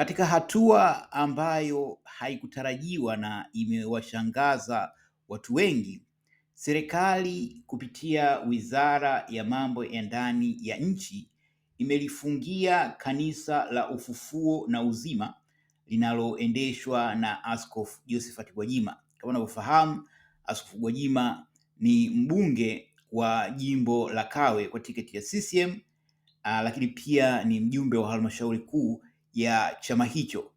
katika hatua ambayo haikutarajiwa na imewashangaza watu wengi, serikali kupitia Wizara ya Mambo ya Ndani ya Nchi imelifungia Kanisa la Ufufuo na Uzima linaloendeshwa na Askofu Josephat Gwajima. Kama unavyofahamu, Askofu Gwajima ni mbunge wa jimbo la Kawe kwa tiketi ya CCM, lakini pia ni mjumbe wa halmashauri kuu ya chama hicho,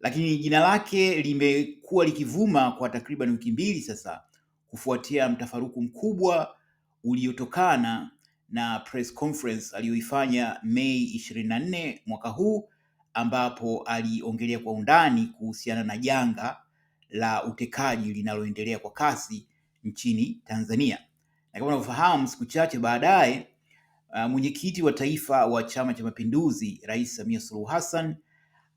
lakini jina lake limekuwa likivuma kwa takriban wiki mbili sasa kufuatia mtafaruku mkubwa uliotokana na press conference aliyoifanya Mei ishirini na nne mwaka huu ambapo aliongelea kwa undani kuhusiana na janga la utekaji linaloendelea kwa kasi nchini Tanzania. Na kama unavyofahamu, siku chache baadaye uh, mwenyekiti wa taifa wa Chama cha Mapinduzi Rais Samia Suluhu Hassan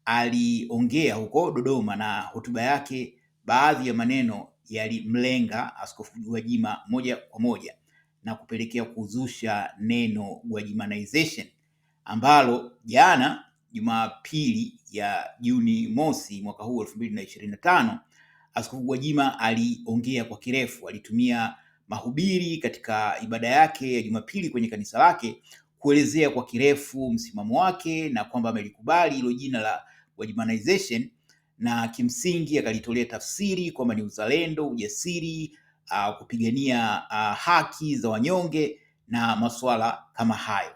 aliongea huko Dodoma, na hotuba yake baadhi ya maneno yalimlenga Askofu Gwajima moja kwa moja na kupelekea kuzusha neno Gwajimanization ambalo jana Jumapili ya Juni mosi mwaka huu elfu mbili na ishirini na tano Askofu Gwajima aliongea kwa kirefu, alitumia mahubiri katika ibada yake ya Jumapili kwenye kanisa lake, kuelezea kwa kirefu msimamo wake na kwamba amelikubali hilo jina la Wajackomonization na kimsingi akalitolea tafsiri kwamba ni uzalendo, ujasiri, uh, kupigania uh, haki za wanyonge na masuala kama hayo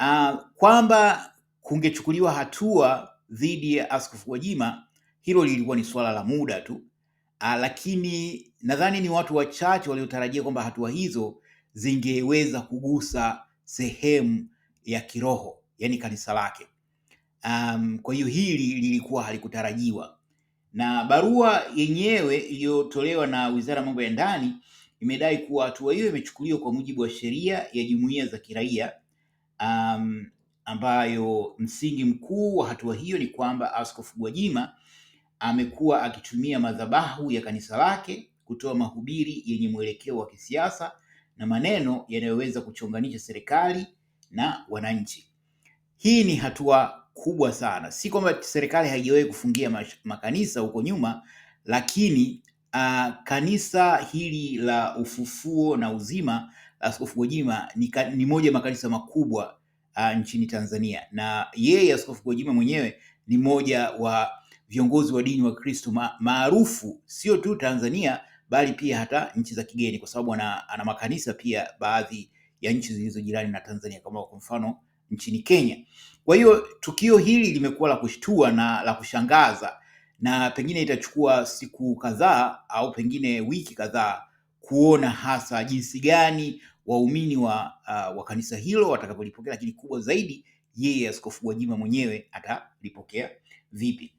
uh, kwamba kungechukuliwa hatua dhidi ya Askofu Gwajima, hilo lilikuwa ni suala la muda tu, A, ah, lakini nadhani ni watu wachache waliotarajia kwamba hatua hizo zingeweza kugusa sehemu ya kiroho, yani kanisa lake. Um, kwa hiyo hili lilikuwa halikutarajiwa, na barua yenyewe iliyotolewa na Wizara ya Mambo ya Ndani imedai kuwa hatua hiyo imechukuliwa kwa mujibu wa sheria ya jumuiya za kiraia um, ambayo msingi mkuu wa hatua hiyo ni kwamba Askofu Gwajima amekuwa akitumia madhabahu ya kanisa lake kutoa mahubiri yenye mwelekeo wa kisiasa na maneno yanayoweza kuchonganisha serikali na wananchi. Hii ni hatua kubwa sana, si kwamba serikali haijawahi kufungia makanisa huko nyuma, lakini uh, kanisa hili la Ufufuo na Uzima la Askofu Gwajima ni, ni moja ya makanisa makubwa uh, nchini Tanzania, na yeye Askofu Gwajima mwenyewe ni moja wa viongozi wa dini wa Kristo maarufu sio tu Tanzania bali pia hata nchi za kigeni, kwa sababu ana, ana makanisa pia baadhi ya nchi zilizo jirani na Tanzania kama kwa mfano nchini Kenya. Kwa hiyo tukio hili limekuwa la kushtua na la kushangaza na pengine itachukua siku kadhaa au pengine wiki kadhaa kuona hasa jinsi gani waumini wa, uh, wa kanisa hilo watakapolipokea lakini kubwa zaidi, yeye Askofu Gwajima mwenyewe atalipokea vipi.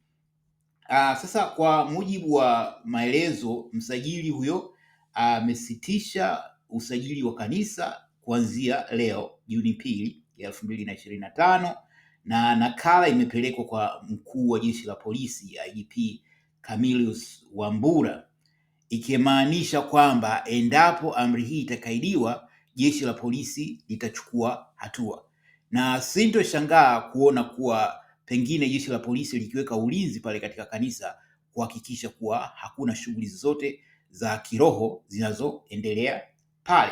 Aa, ah, sasa kwa mujibu wa maelezo, msajili huyo amesitisha usajili wa kanisa kuanzia leo Juni pili ya elfu mbili na ishirini na tano na nakala imepelekwa kwa mkuu wa jeshi la polisi IGP Camillus Wambura ikimaanisha kwamba endapo amri hii itakaidiwa, jeshi la polisi litachukua hatua, na sintoshangaa kuona kuwa pengine jeshi la polisi likiweka ulinzi pale katika kanisa kuhakikisha kuwa hakuna shughuli zozote za kiroho zinazoendelea pale.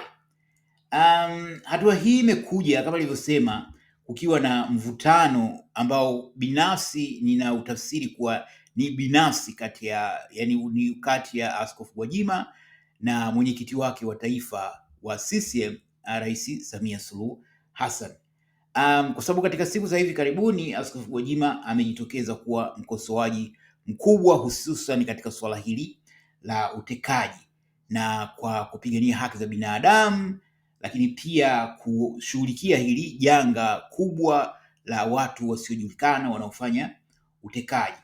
Um, hatua hii imekuja kama nilivyosema, kukiwa na mvutano ambao binafsi nina utafsiri kuwa ni binafsi kati ya yani, ni kati ya Askofu Gwajima na mwenyekiti wake wa taifa wa CCM Rais Samia Suluhu Hassan um, kwa sababu katika siku za hivi karibuni Askofu Gwajima amejitokeza kuwa mkosoaji mkubwa hususan katika suala hili la utekaji na kwa kupigania haki za binadamu, lakini pia kushughulikia hili janga kubwa la watu wasiojulikana wanaofanya utekaji.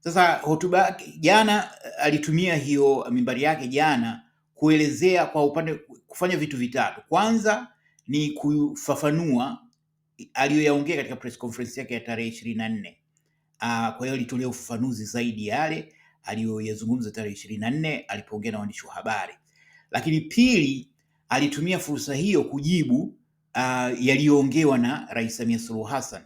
Sasa hotuba jana, alitumia hiyo mimbari yake jana kuelezea kwa upande, kufanya vitu vitatu. Kwanza ni kufafanua aliyoyaongea katika press conference yake ya tarehe ishirini na nne. Ah, kwa hiyo alitolea ufafanuzi zaidi yale aliyoyazungumza tarehe ishirini na nne alipoongea na waandishi wa habari, lakini pili alitumia fursa hiyo kujibu ah, yaliyoongewa na Rais Samia Suluhu Hassan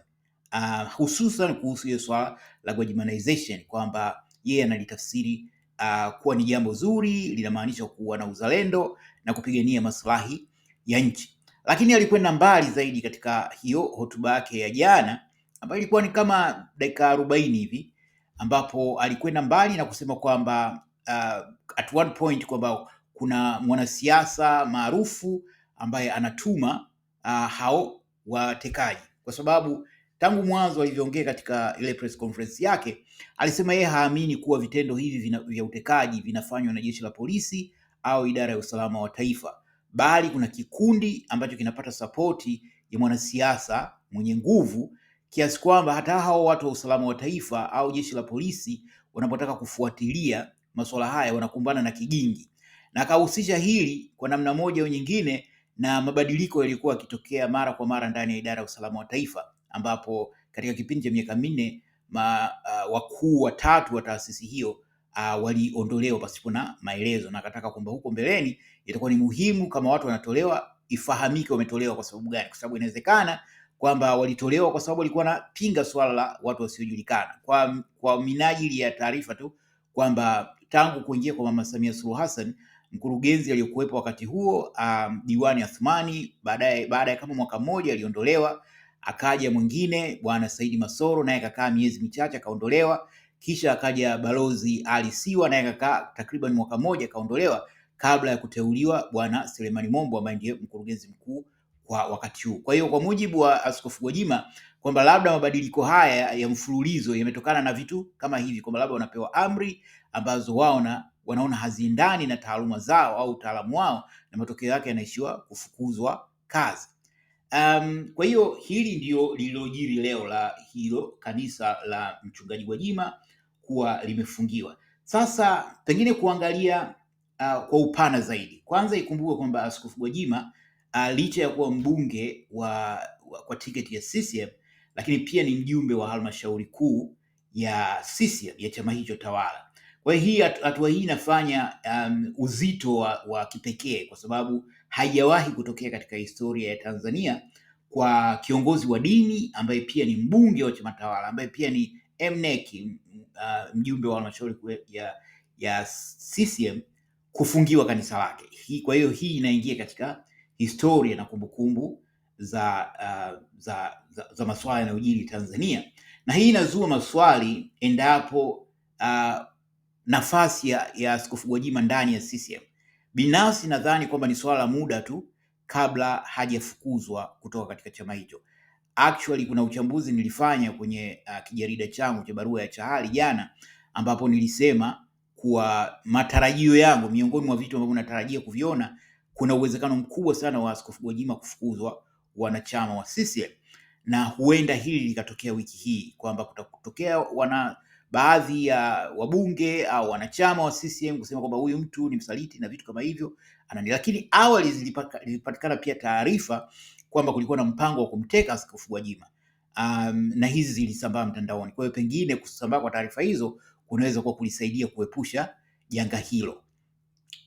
ah, hususan kuhusu hiyo swala la Gwajimanization kwamba yeye analitafsiri uh, kuwa ni jambo zuri linamaanisha kuwa na uzalendo na kupigania maslahi ya nchi. Lakini alikwenda mbali zaidi katika hiyo hotuba yake ya jana ambayo ilikuwa ni kama dakika arobaini hivi, ambapo alikwenda mbali na kusema kwamba uh, at one point kwamba kuna mwanasiasa maarufu ambaye anatuma uh, hao watekaji, kwa sababu tangu mwanzo alivyoongea katika ile press conference yake alisema yeye haamini kuwa vitendo hivi vya utekaji vinafanywa na jeshi la polisi au idara ya usalama wa taifa, bali kuna kikundi ambacho kinapata sapoti ya mwanasiasa mwenye nguvu kiasi kwamba hata hao watu wa usalama wa taifa au jeshi la polisi wanapotaka kufuatilia masuala haya wanakumbana na kigingi, na akahusisha hili kwa namna moja au nyingine na mabadiliko yaliyokuwa yakitokea mara kwa mara ndani ya idara ya usalama wa taifa, ambapo katika kipindi cha miaka minne ma, uh, wakuu watatu wa taasisi hiyo uh, waliondolewa pasipo na maelezo, na akataka kwamba huko mbeleni itakuwa ni muhimu kama watu wanatolewa ifahamike wametolewa kwa sababu gani, kwa sababu inawezekana kwamba walitolewa kwa sababu walikuwa wanapinga swala la watu wasiojulikana. Kwa, kwa minajili ya taarifa tu kwamba tangu kuingia kwa Mama Samia Suluhu Hassan, mkurugenzi aliyokuwepo wakati huo um, Diwani Athmani, baadaye baada ya kama mwaka mmoja aliondolewa, akaja mwingine Bwana Saidi Masoro, naye akakaa miezi michache akaondolewa kisha akaja balozi alisiwa naye akakaa takriban mwaka mmoja, akaondolewa kabla ya kuteuliwa bwana Selemani Mombo ambaye ndiye mkurugenzi mkuu kwa wakati huu. Kwa hiyo kwa mujibu wa Askofu Gwajima kwamba labda mabadiliko haya ya mfululizo yametokana na vitu kama hivi, kwamba labda wanapewa amri ambazo wao na wanaona haziendani na taaluma zao au utaalamu wao, na matokeo yake yanaishiwa kufukuzwa kazi. Um, kwa hiyo hili ndio lililojiri leo la hilo kanisa la mchungaji Gwajima kuwa limefungiwa. Sasa pengine kuangalia uh, kwa upana zaidi, kwanza ikumbuke kwamba Askofu Gwajima uh, licha ya kuwa mbunge wa, wa, kwa tiketi ya CCM lakini pia ni mjumbe wa halmashauri kuu ya CCM ya chama hicho tawala. Kwa hiyo hii hatua hii inafanya um, uzito wa, wa kipekee kwa sababu haijawahi kutokea katika historia ya Tanzania kwa kiongozi wa dini ambaye pia ni mbunge wa chama tawala ambaye pia ni Mnek uh, mjumbe wa halmashauri ya, ya CCM kufungiwa kanisa lake. Kwa hiyo hii inaingia katika historia na kumbukumbu za, uh, za, za, za masuala yanayojiri Tanzania, na hii inazua maswali endapo uh, nafasi ya, ya Askofu Gwajima ndani ya CCM. Binafsi nadhani kwamba ni swala la muda tu kabla hajafukuzwa kutoka katika chama hicho actually kuna uchambuzi nilifanya kwenye uh, kijarida changu cha barua ya Chahali jana, ambapo nilisema kuwa matarajio yangu, miongoni mwa vitu ambavyo natarajia kuviona, kuna uwezekano mkubwa sana wa Askofu Gwajima kufukuzwa wanachama wa CCM, na huenda hili likatokea wiki hii kwamba kutatokea wana baadhi ya wabunge au wanachama wa CCM kusema kwamba huyu mtu ni msaliti na vitu kama hivyo anani. Lakini awali zilipatikana pia taarifa kwamba kulikuwa na mpango wa kumteka Askofu Gwajima. Um, na hizi zilisambaa mtandaoni. Kwa hiyo pengine kusambaa kwa taarifa hizo kunaweza kuwa kulisaidia kuepusha janga hilo.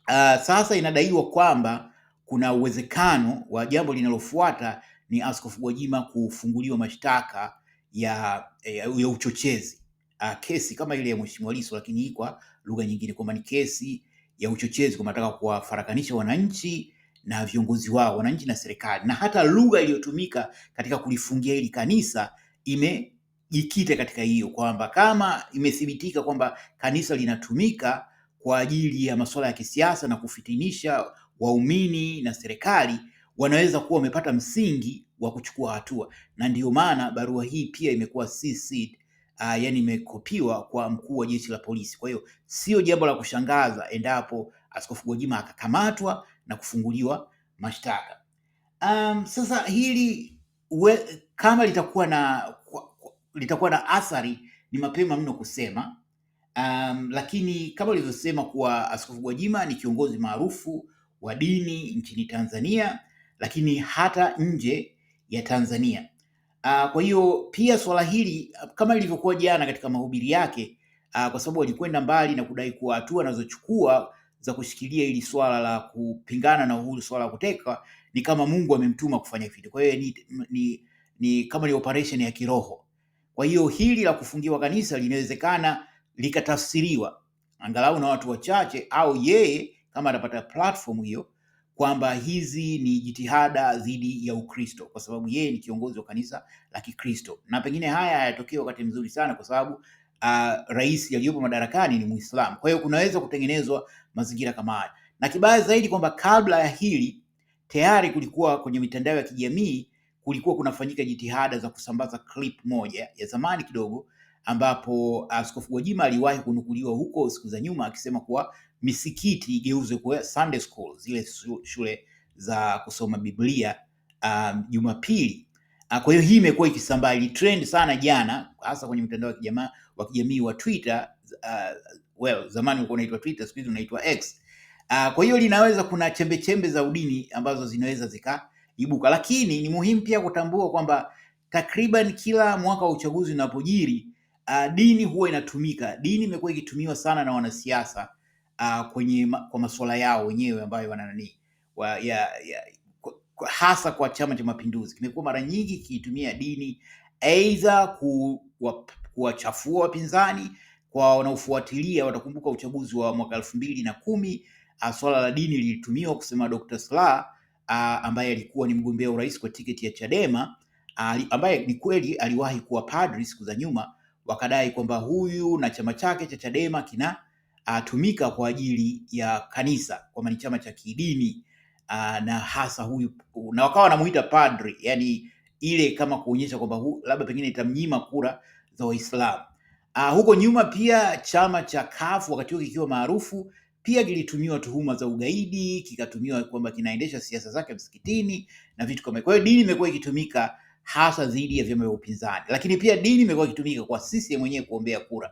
Uh, sasa inadaiwa kwamba kuna uwezekano wa jambo linalofuata ni Askofu Gwajima kufunguliwa mashtaka ya, ya, eh, ya uchochezi. Uh, kesi kama ile ya Mheshimiwa Lissu lakini hii kwa lugha nyingine kwamba ni kesi ya uchochezi, kwa mataka kuwafarakanisha wananchi na viongozi wao, wananchi na serikali, na hata lugha iliyotumika katika kulifungia hili kanisa imejikita katika hiyo, kwamba kama imethibitika kwamba kanisa linatumika kwa ajili ya masuala ya kisiasa na kufitinisha waumini na serikali, wanaweza kuwa wamepata msingi wa kuchukua hatua, na ndiyo maana barua hii pia imekuwa CC Uh, ah, yani imekopiwa kwa mkuu wa jeshi la polisi. Kwa hiyo sio jambo la kushangaza endapo Askofu Gwajima akakamatwa na kufunguliwa mashtaka. Um, sasa hili we, kama litakuwa na litakuwa na athari ni mapema mno kusema. Um, lakini kama ulivyosema kuwa Askofu Gwajima ni kiongozi maarufu wa dini nchini Tanzania, lakini hata nje ya Tanzania. Uh, kwa hiyo pia swala hili kama lilivyokuwa jana katika mahubiri yake uh, kwa sababu walikwenda mbali na kudai kuwa hatua anazochukua za kushikilia hili swala la kupingana na uhuru, swala la kuteka, ni kama Mungu amemtuma kufanya vitu. Kwa hiyo ni, ni, ni kama ni operation ya kiroho. Kwa hiyo hili la kufungiwa kanisa linawezekana likatafsiriwa angalau na watu wachache, au yeye kama atapata platform hiyo kwamba hizi ni jitihada dhidi ya Ukristo, kwa sababu yeye ni kiongozi wa kanisa la Kikristo, na pengine haya hayatokea wakati mzuri sana, kwa sababu uh, rais aliyopo madarakani ni Muislamu. Kwa hiyo kunaweza kutengenezwa mazingira kama haya, na kibaya zaidi kwamba kabla ya hili tayari kulikuwa kwenye mitandao ya kijamii kulikuwa kunafanyika jitihada za kusambaza clip moja ya zamani kidogo, ambapo Askofu Gwajima aliwahi kunukuliwa huko siku za nyuma akisema kuwa misikiti igeuzwe kuwa Sunday school, zile shule za kusoma Biblia um, Jumapili Ah, kwa hiyo hii imekuwa ikisambaa, trend sana jana, hasa kwenye mtandao wa kijamaa wa kijamii wa Twitter. Uh, well, zamani ulikuwa unaitwa Twitter, siku hizi unaitwa X. Uh, kwa hiyo linaweza, kuna chembe chembe za udini ambazo zinaweza zikaibuka, lakini ni muhimu pia kutambua kwamba takriban kila mwaka wa uchaguzi unapojiri, uh, dini huwa inatumika. Dini imekuwa ikitumiwa sana na wanasiasa uh, kwenye ma, kwa masuala yao wenyewe ambayo wana nani wa, ya, ya, hasa kwa Chama cha Mapinduzi kimekuwa mara nyingi kiitumia dini aidha kuwachafua wapinzani kwa wanaofuatilia. Watakumbuka uchaguzi wa mwaka elfu mbili na kumi swala la dini lilitumiwa kusema Dr. Slaa ambaye alikuwa ni mgombea urais kwa tiketi ya Chadema a, ambaye ni kweli aliwahi kuwa padri siku za nyuma, wakadai kwamba huyu na chama chake cha Chadema kinatumika kwa ajili ya kanisa, kwamba ni chama cha kidini uh, na hasa huyu na wakawa wanamuita padri, yani ile kama kuonyesha kwamba labda pengine itamnyima kura za Waislamu. Uh, huko nyuma pia chama cha kafu wakati huo kikiwa maarufu pia kilitumiwa tuhuma za ugaidi, kikatumiwa kwamba kinaendesha siasa zake msikitini na vitu kama. Kwa hiyo dini imekuwa ikitumika hasa dhidi ya vyama vya upinzani, lakini pia dini imekuwa ikitumika kwa sisi mwenyewe kuombea kura.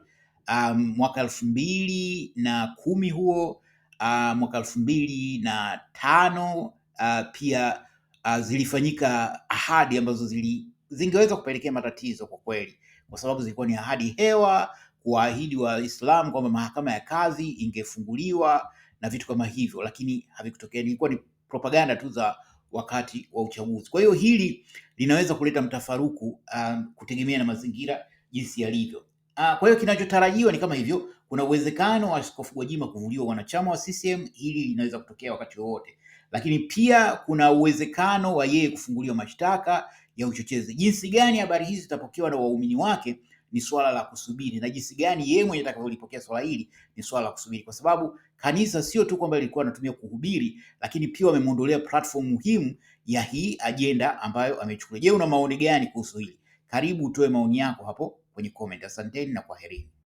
Um, mwaka elfu mbili na kumi huo uh, mwaka elfu mbili na tano uh, pia uh, zilifanyika ahadi ambazo zili, zingeweza kupelekea matatizo kwa kweli, kwa sababu zilikuwa ni ahadi hewa, kuwaahidi Waislamu kwamba mahakama ya kazi ingefunguliwa na vitu kama hivyo, lakini havikutokea. Ilikuwa ni propaganda tu za wakati wa uchaguzi. Kwa hiyo hili linaweza kuleta mtafaruku um, kutegemea na mazingira jinsi yalivyo. Uh, kwa hiyo kinachotarajiwa ni kama hivyo kuna uwezekano wa Askofu Gwajima kuvuliwa wanachama wa CCM. Hili linaweza kutokea wakati wowote, lakini pia kuna uwezekano wa yeye kufunguliwa mashtaka ya uchochezi. Jinsi gani habari hizi zitapokewa na waumini wake ni swala la kusubiri, na jinsi gani yeye mwenyewe atakavyolipokea swala hili ni swala la kusubiri, kwa sababu kanisa sio tu kwamba lilikuwa anatumia kuhubiri, lakini pia wamemwondolea platform muhimu ya hii ajenda ambayo amechukua. Je, una maoni gani kuhusu hili? Karibu utoe maoni yako hapo kwenye comment. Asanteni na kwaherini.